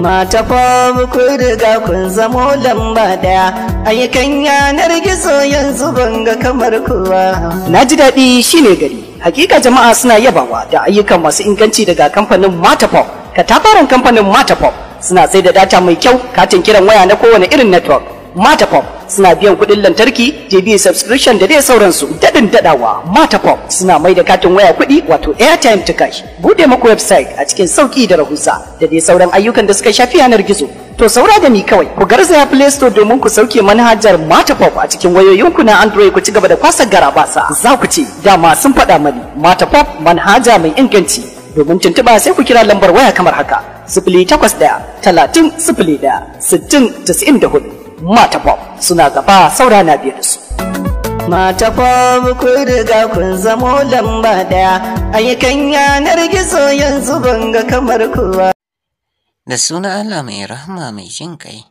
Mata fa kun riga kun zamo lamba daya kan yanar gizo yanzu ban ga kamar kowa. Na ji daɗi shine gari. Hakika jama'a suna yabawa da ayyukan masu inganci daga kamfanin Matapop. Katafaren kamfanin Matapop suna sai da data mai kyau katin kiran waya na kowane irin network. Matapop suna biyan kuɗin lantarki, JB subscription da dai sauransu. Daɗin daɗawa Matapop suna mai da katin waya kuɗi wato airtime to cash. Bude maku website a cikin sauki da rahusa da dai sauran ayyukan da suka shafi yanar gizo. To saura da ni kawai, ku garzaya Play Store domin ku sauke manhajar Matapop a cikin wayoyinku na Android ku ci gaba da kwasa garabasa. Za ku ce, dama sun faɗa mani, Matapop manhaja mai inganci. Domin tuntuɓa sai ku kira lambar waya kamar haka, sifili takwas ɗaya, talatin sifili ɗaya, sittin, da hudu. mata pop suna gaba saura na biyar su mata pop ku riga kun zamo lamba daya ayyukan yanar gizo yanzu banga kamar kowa da suna Allah mai rahama mai jin kai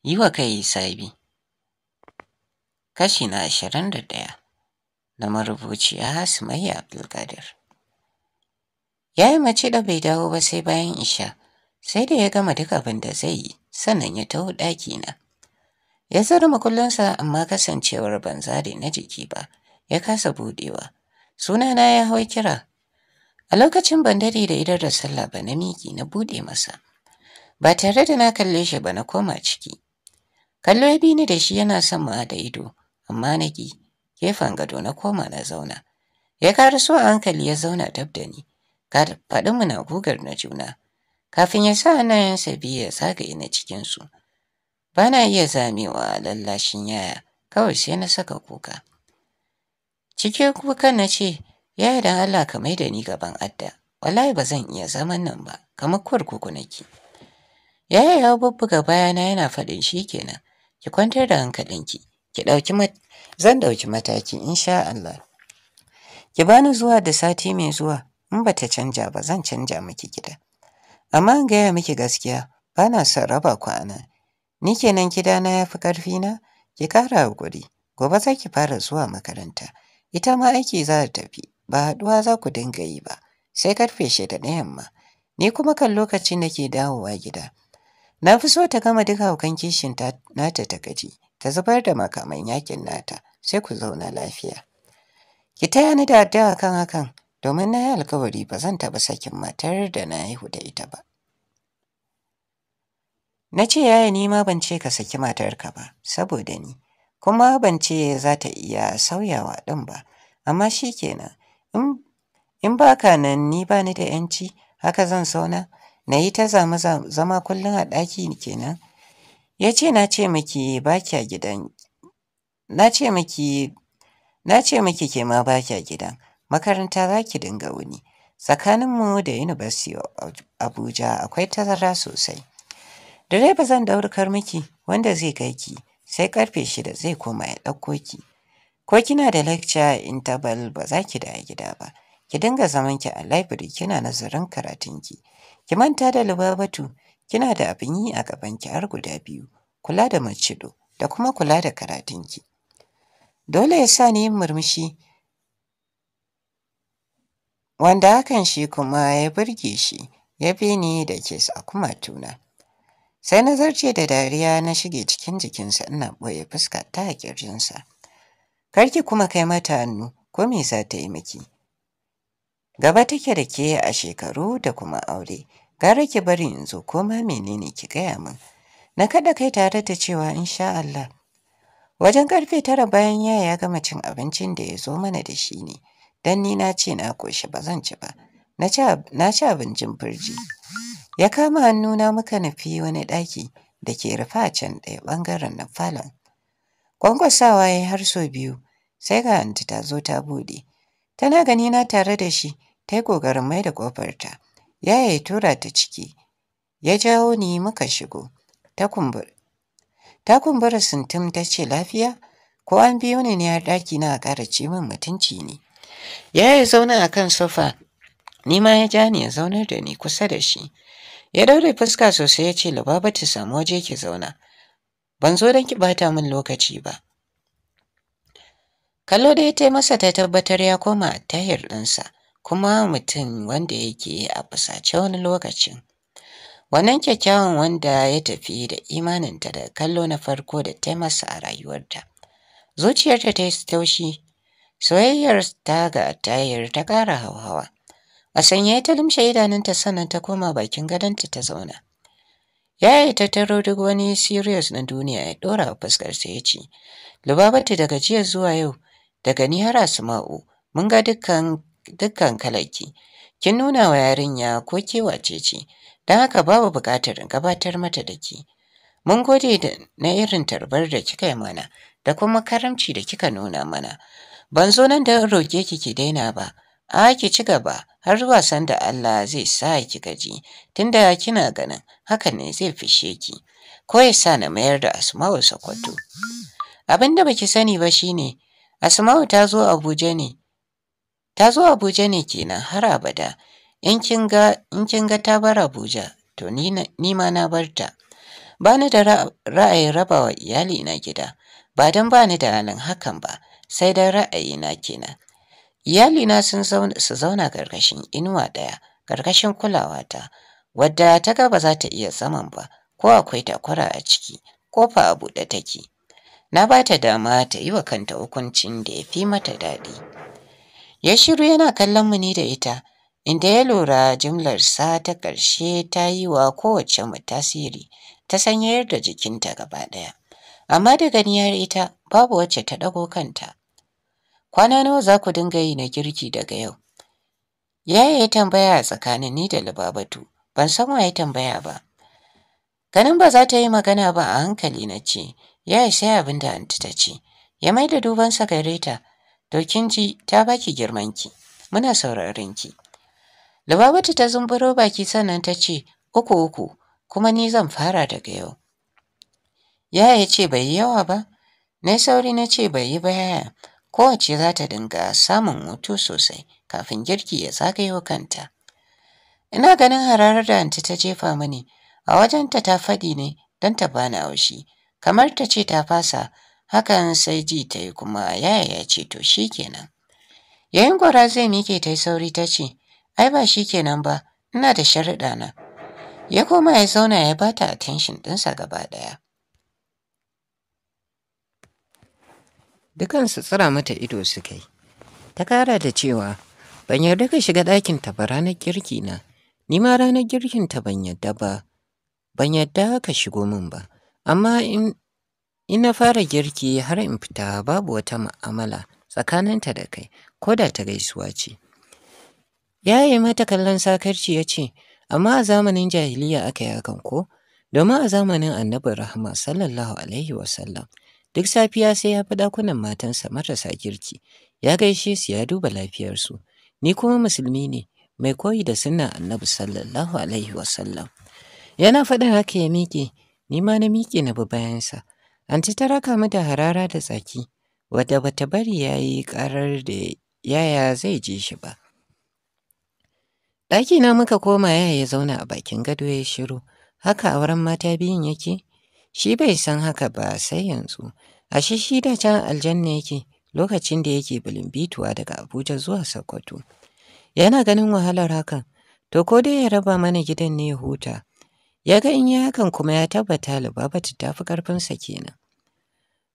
yi wa kai sabi kashi na ashirin da ɗaya na marubuciya Sumayya Abdulkadir. Ya yi mace da bai dawo ba sai bayan isha, sai da ya gama duk abin da zai yi, sannan ya taho ɗaki na. Ya zara makullinsa amma kasancewar banzari na jiki ba, ya kasa buɗewa. Sunana ya hau kira. A lokacin bandari da idar da sallah ba na miki na buɗe masa. Ba tare da na kalle shi ba na koma ciki. Kallo ya bi ni da shi yana son ma da ido, amma na ki kefan gado na koma na zauna. Ya su a hankali ya zauna dab da ni. Faɗin mu na gugar na juna. Kafin ya sa hannayensa biyu ya zagaye na cikinsu. Bana iya zamewa a lallashin yaya, kawai sai na saka kuka. Cikin kukan na ce, yaya da Allah ka mai da ni gaban adda, wallahi ba zan iya zaman nan ba, kamar kurkuku nake. Yaya ya bubbuga bayana yana faɗin shi kenan, ki kwantar da hankalinki, ki ɗauki zan ɗauki mataki insha Allah. Ki bani zuwa da sati mai zuwa, in ba ta canja ba zan canja miki gida. Amma in gaya miki gaskiya, bana son raba ku a nan, Ni kenan gidana ya fi na Ki ƙara haƙuri, gobe za ki fara zuwa makaranta. Ita ma aiki za ta tafi, ba haɗuwa za ku dinga yi ba, sai karfe shida na yamma. Ni kuma kan lokaci ke dawowa gida. Na fi so ta gama duk haukan kishin ta nata ta gaji, ta zubar da makaman yakin nata, sai ku zauna lafiya. Ki taya ni da addu'a kan hakan, domin na yi alkawari ba zan taɓa sakin matar da na haihu da ita ba. Na ce yaya ni ma ban ce ka saki matarka ba, saboda ni, kuma ban ce za ta iya sauyawa ɗin ba, amma shi kenan, in ba ka nan ni ba ni da ‘yanci, haka zan sauna, na yi ta zama kullum a ɗaki kenan. Ya ce na ce miki ba kya gidan, na ce miki, na ce miki ke ma ba kya gidan, makaranta za ki dinga wuni, tsakaninmu da University Abuja akwai tazara sosai. Direba zan daurukar miki wanda zai kai ki sai karfe shida zai koma ya ɗauko ki. Ko kina da lecture interval ba za ki da gida ba. Ki dinga zaman ki a library kina nazarin karatun ki. Ki manta da Lubabatu kina da abin yi a gaban ki har guda biyu. Kula da macido da kuma kula da karatun ki. Dole ya sa ni yin murmushi wanda hakan shi kuma ya burge shi ya bi ni da kes a kuma tuna. Sai na zarce da dariya na shige cikin jikinsa ina ɓoye fuska ta a ƙirjinsa. Karki kuma kai mata hannu ko me za ta yi miki? Gaba take da ke a shekaru da kuma aure, gara ki bari in zo ko ma menene ki gaya min. Na kada kai tare da cewa insha Allah. Wajen karfe tara bayan ya ya gama cin abincin da ya zo mana da shi ne, don ni na ce na koshi ba zan ci ba, na ci abincin firji. Ya kama hannuna muka nufi wani ɗaki da ke rufe a can ɗaya ɓangaren na falon. Kwankwasawa ya yi har sau biyu, sai ga anti ta zo ta buɗe. Tana gani na tare da shi, ta yi ƙoƙarin mai da ƙofarta. Yaya ya tura ta ciki, ya jawo ni muka shigo. Ta kumbura. Ta kumbura sintim ta ce lafiya, ko an biyo ni ne har ɗaki na a ƙara ce min mutunci ne. Ya yi zauna a kan sofa, ni ma ya ja ni ya zaunar da ni kusa da shi. ya daure fuska sosai ya ce lubaba ta samu waje ki zauna ban zo don ki bata min lokaci ba kallo da ya masa ta tabbatar ya koma tahir ɗinsa kuma mutum wanda yake a fusace wani lokacin wannan kyakkyawan wanda ya tafi da imaninta da kallo na farko da masa a rayuwarta zuciyarta ta yi taushi soyayyar ta ga tayar ta ƙara hauhawa A sanya ta lumshe idanunta sannan ta koma bakin gadonta ta zauna. Ya yi taro duk wani serious na duniya ya ɗora a fuskarsa ya ce, Lubabatu daga jiya zuwa yau, daga ni har Asma'u, mun ga dukkan kalaki. Kin nuna wa yarinya ko ke wace ce, don haka babu buƙatar gabatar mata da ke. Mun gode da na irin tarbar da kika yi mana, da kuma karamci da kika nuna mana. Ban zo nan da roƙe ki ki daina ba, a ki ci gaba, har zuwa sanda Allah zai sa ki gaji tunda kina ganin hakan ne zai fishe ki ko ya sa na mayar da Asma'u Sokoto abin da baki sani ba shine Asma'u ta zo Abuja ne ta zo Abuja ne kenan har abada in kin ga in kin ga ta bar Abuja to ni ma na barta. ta bani da ra'ayin rabawa iyali na gida ba don bani da halin hakan ba sai dan ra'ayi na kenan Iyalina sun zauna ƙarƙashin inuwa ɗaya, ƙarƙashin kulawata, wadda ta ga ba za ta iya zaman ba, ko akwai takura a ciki, kofa a buɗe take. Na ba ta dama ta yi wa kanta hukuncin da ya fi mata daɗi. Ya shiru yana kallon mu ni da ita, inda ya lura jimlarsa ta ƙarshe ta yi wa kowace mu tasiri, ta sanyayar da jikinta gaba ɗaya. Amma da ganiyar ita babu wacce ta ɗago kanta. Kwana nawa za ku dinga yi na girki daga yau? Yaya ya tambaya tsakanin ni da Lubabatu, ban san wa ya tambaya ba. Ganin ba za ta yi magana ba a hankali na ce, yaya sai abin da anti ta ce. Ya mai da duban gare ta, Dokin ji ta baki girmanki, muna sauraron ki. Lubabatu ta zumburo baki sannan ta ce, uku uku, kuma ni zan fara daga yau. Yaya ya ce bai yi yawa ba? Na sauri na ce bai yi ba Kowace za ta dinga samun hutu sosai kafin girki ya zagayo kanta. Ina ganin hararar da anti ta jefa mani, a wajenta ta faɗi ne don ta bani haushi. Kamar ta ce ta fasa hakan sai ji ta yi kuma yaya ya ce to shi kenan. Yayin gora zai mike ta yi sauri ta ce, ai ba shi kenan ba, ina da sharuɗa na. Ya koma ya zauna ya bata attention ɗinsa gaba ɗaya. dukansu tsira mata ido suka yi ta kara da cewa ban yarda ka shiga ɗakin ta ba ranar girki na ni ma ranar girkinta ban yarda ba ban yarda ka shigo min ba amma in na fara girki har in fita babu wata ma'amala tsakaninta da kai ko da ta gaisuwa ce ya yi mata kallon sakarci ya ce amma a zamanin jahiliya aka yi hakan ko domin a zamanin annabi rahama sallallahu alaihi wasallam Duk safiya sai ya fi ɗakunan matansa marasa kirki, ya gaishe su ya duba lafiyarsu. Ni kuma musulmi ne, mai koyi da sunna annabi sallallahu alaihi wasallam. Yana faɗin haka ya miƙe, ni ma na miƙe na bi bayansa. Anti ta raka mu da harara da tsaki, wadda bata bari ya yi ƙarar da yaya zai je shi ba. Ɗakina muka koma yaya ya zauna a bakin gado ya shiru, haka auren mata biyun yake? shi bai san haka ba sai yanzu ashe shi da can aljanna yake lokacin da yake bilimbituwa daga abuja zuwa sokoto yana ganin wahalar hakan to ko dai ya raba mana gidan ne ya huta ya ga in yi hakan kuma ya tabbata Lubabatu ta fi ƙarfinsa kenan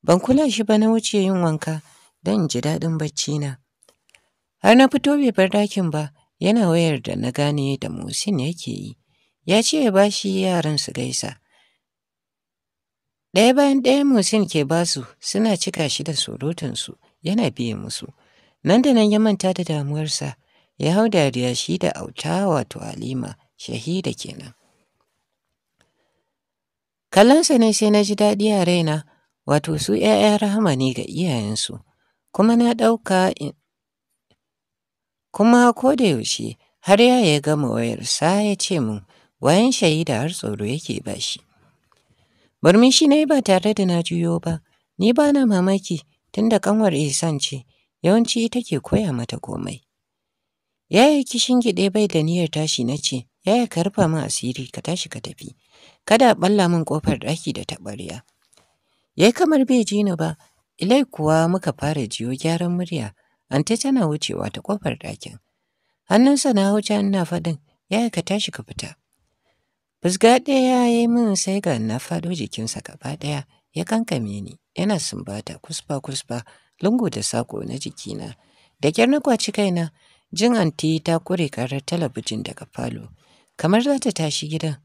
ban kula shi ba na wuce yin wanka don ji daɗin bacci na har na fito bai bar dakin ba yana wayar da na gane da musin yake yi ya ce ya bashi yaran su gaisa Ɗaya bayan ɗaya Musin ke basu suna cika shi da surutunsu yana biye musu. Nan da nan ya manta da damuwarsa ya hau dariya shi da auta wato Halima shahida kenan. Kallonsa ne sai na ji daɗi a raina wato su ‘ya'ya rahama ne ga iyayensu kuma na ɗauka kuma ko da yaushe har ya ya gama wayarsa ya ce mun wayan shahida har tsoro yake bashi. Murmushi na yi ba tare da na juyo ba, ni ba na mamaki tunda kanwar isan ce, yawanci ita ke koya mata komai. Ya yi kishin gide bai da niyyar tashi na ce, yaya ka rufa min asiri ka tashi ka tafi, kada balla min ƙofar ɗaki da taɓarya. Yai kamar bai ji ni ba, ilai kuwa muka fara jiyo gyaran murya, ta tana wucewa ta ƙofar ɗakin. Hannunsa na wuce ina faɗin, yaya ka tashi ka fita. Fusga ɗaya ya yi min sai ga na faɗo jikinsa gaba ɗaya ya kankame ni yana sumbata kusfa-kusfa lungu da sako na jikina. Da kyar na kwaci kaina jin anti ta kure karar talabijin daga falo kamar za ta tashi gidan.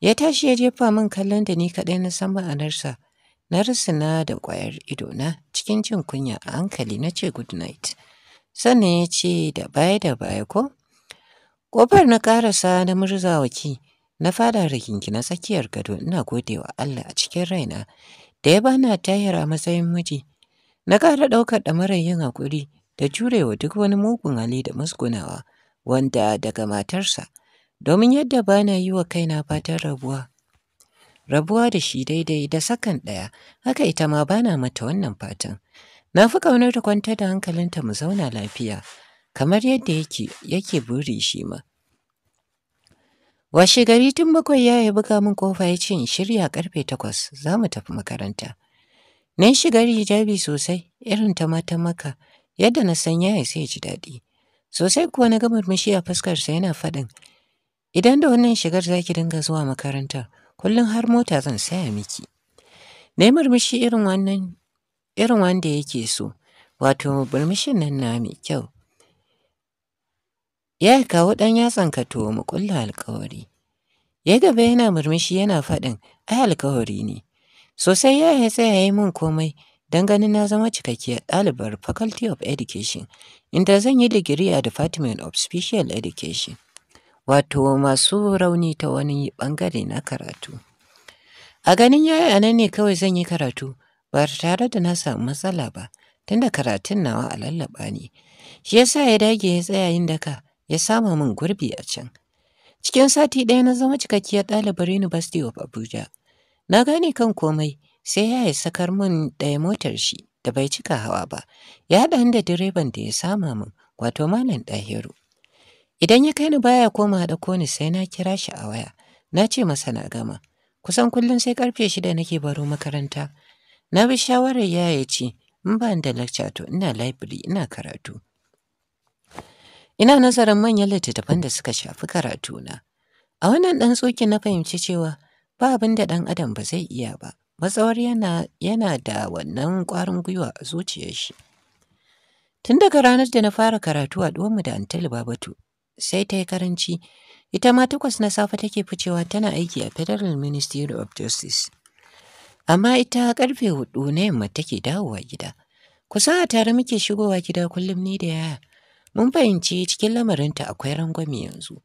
Ya tashi ya jefa min kallon da ni kaɗai na san ma'anarsa. Na rusuna da ƙwayar idona cikin jin kunya a hankali na ce good night. Sannan ya ce da baya da baya ko? Ƙofar na ƙarasa na murza waki. Na fada rikinki na tsakiyar gado ina gode wa Allah a cikin raina da ya bana tayar a matsayin miji. Na ƙara ɗaukar ɗamarar yin hakuri da jurewa duk wani mugun hali da musgunawa wanda daga matarsa domin yadda bana yi wa kaina fatan rabuwa. Rabuwa da shi daidai da sakan ɗaya haka ita ma bana mata wannan fatan. Na fi ƙaunar ta kwanta da hankalinta mu zauna lafiya kamar yadda yake yake buri shi ma. Washe gari tun bakwai ya yi buga min kofa ya ce in shirya karfe takwas za mu tafi makaranta. Nan shigar hijabi sosai irin ta mata maka yadda na san ya sai ji daɗi. Sosai kuwa na ga murmushi a fuskarsa yana faɗin. Idan da wannan shigar za ki dinga zuwa makaranta kullum har mota zan saya miki. Na yi murmushi irin wannan irin wanda yake so wato murmushin nan na mai kyau. Ya kawo ɗan yatsan ka to mu ƙulla alkawari. Ya gaba yana murmushi yana faɗin ai alkawari ne. Sosai ya ya tsaya ya yi min komai don ganin na zama cikakkiyar ɗalibar Faculty of Education inda zan yi digiri a Department of Special Education. Wato masu rauni ta wani ɓangare na karatu. A ganin yaya nan ne kawai zan yi karatu ba tare da na samu matsala ba tunda karatun nawa a lallaɓa ne. Shi ya sa ya dage ya tsaya yin daka ya sama min gurbi a can. Cikin sati ɗaya na zama cikakkiyar ɗalibar University of Abuja. Na gane kan komai sai ya yi sakar min ɗaya motar shi da bai cika hawa ba, ya haɗa da direban da ya sama min wato Malam Ɗahiru. Idan ya kai ni baya koma da koni sai na kira shi a waya, na ce masa na gama. Kusan kullum sai karfe shida nake baro makaranta. Na bi shawarar ya ce, in ba da lecture to ina library ina karatu. Ina nazarin manyan littattafan da suka shafi karatuna. A wannan ɗan tsoki na fahimci cewa ba abin da ɗan adam ba zai iya ba, matsawar yana, yana da wannan ƙwarin gwiwa a zuciyar shi. Tun daga ranar da na fara karatu a ɗuwanmu da Antali Babatu, sai ta yi karanci, ita ma takwas na safe take ficewa tana aiki a Federal Ministry of Justice. Amma ita karfe hudu na yamma take dawowa gida. Kusa a tare muke shigowa gida kullum ni da yaya. Mun fahimci cikin lamarinta akwai rangwame yanzu,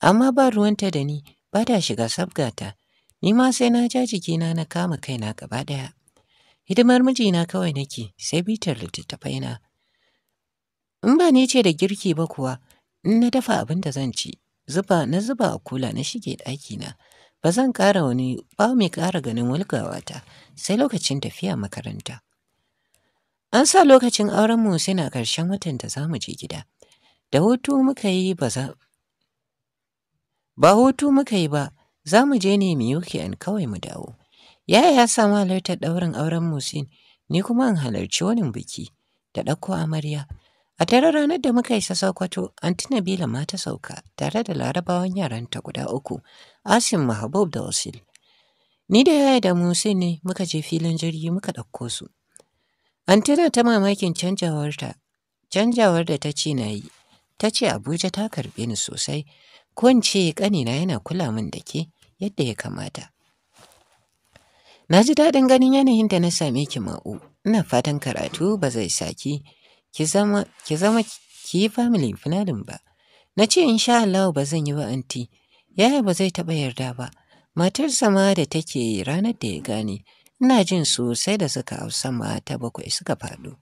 amma ba ruwanta da ni ba ta shiga sabgata, ni ma sai na ja jikina na kama kaina gaba ɗaya. Hidimar mijina kawai nake sai bitar na. In ba ni ce da girki ba kuwa, in na dafa abin da zan ci, zuba na zuba a kula na shige ɗakina. Ba zan ƙara wani ba mai ƙara ganin wulgawata sai lokacin tafiya makaranta. An sa lokacin auren mu suna ƙarshen watan da za mu je gida. Da hutu muka yi ba za ba hutu muka yi ba za mu je ne Miyuki kawai mu dawo. Yaya ya samu halartar ɗaurin auren Musin ni kuma an halarci wani biki da ɗauko amarya. A tare ranar da muka isa an tuna Bila ma ta sauka tare da larabawan yaranta guda uku, Asim Mahabub da Wasil. Ni da yaya da Musin ne muka je filin jirgi muka ɗauko su. An ta mamakin canjawarta, canjawar da ta ce na yi, ta ce Abuja ta karbe ni sosai, ko in ce ƙanina yana kula min da ke yadda ya kamata. Na ji daɗin ganin yanayin da na same ki ma'u, ina fatan karatu ba zai saki ki zama ki zama ki yi family finalin ba. Na ce in sha Allah ba zan yi ba anti, yaya ba zai taɓa yarda ba, matarsa ma da take ranar da ya gane. ina jin sosai da suka hau sama ta bakwai suka faɗo.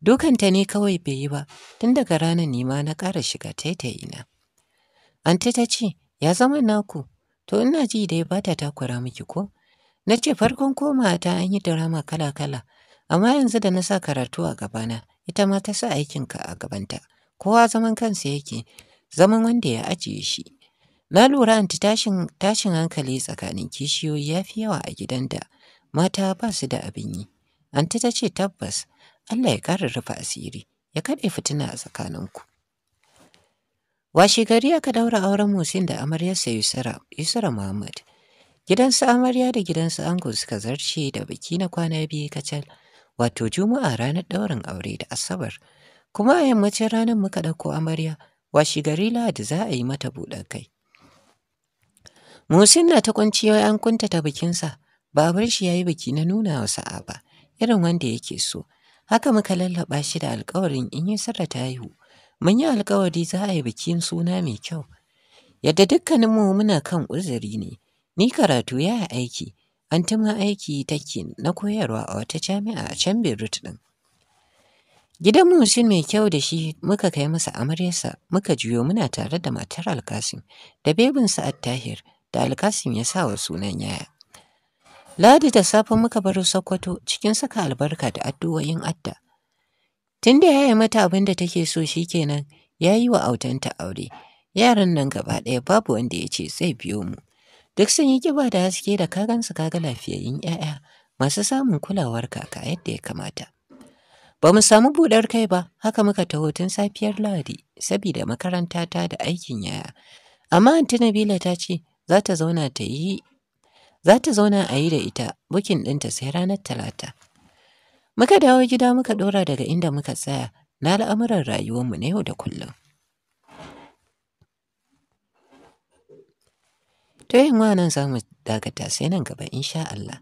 Dukanta ne kawai bai yi ba, tun daga ranar nima na ƙara shiga taitayina. Anti ta ce, ya zama naku, to ina ji dai ba ta takura miki ko? Na ce farkon koma ta an yi drama kala-kala, amma yanzu da na sa karatu a gabana, ita ma ta sa aikinka a gabanta. Kowa zaman kansa yake, zaman wanda ya ajiye shi. Na lura anti tashin hankali tsakanin kishiyoyi ya fi yawa a gidan da mata ba su da abin yi. Anti ta ce tabbas Allah ya ƙara rufe asiri ya kaɗe fitina a tsakaninku. Washi gari aka daura auren Musin da amaryarsa Yusra, Yusra Muhammad. Gidansu amarya da gidansu ango suka zarce da biki na kwana biyu kacal, wato Juma'a ranar ɗaurin aure da Asabar. Kuma a yammacin ranar muka ɗauko amarya, washi gari Lahadi za a yi mata buɗar kai. Musin na ta kwanciyoyi an kunta ta bikinsa, baban shi ya yi biki na nuna wa sa'a ba irin wanda yake so haka muka lallaba shi da alkawarin in yi sarra ta haihu mun yi alkawari za a yi bikin suna mai kyau yadda dukkaninmu muna kan uzuri ne ni karatu ya yi aiki an tuma aiki take na koyarwa a wata jami'a a can beirut din gidan musin mai kyau da shi muka kai masa amaryarsa muka juyo muna tare da matar alkasim da bebinsa attahir da alkasim ya sa wa sunan yaya Ladi da safe muka bar Sokoto cikin saka albarka da addu'o'in adda. Tun da ya mata abin da take so shi kenan ya yi wa autanta aure. Yaran nan gaba ɗaya babu wanda ya ce zai biyo mu. Duk sun yi kiba da haske da su kaga lafiyayyun ƴaƴa, masu samun kulawar kaka yadda ya kamata. Ba mu samu buɗar kai ba, haka muka taho tun safiyar Ladi, sabida makaranta ta da aikin yaya. Amma Anti Nabila ta ce za ta zauna ta yi za ta zauna a yi da ita bukin ɗinta sai ranar talata. Muka dawo gida muka ɗora daga inda muka tsaya na al'amuran rayuwarmu na yau da kullum. To yin nan za mu dakata sai nan gaba insha Allah.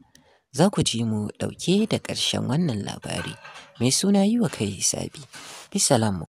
Za ku ji mu ɗauke da ƙarshen wannan labari mai suna yi wa kai hisabi. Bisalamu.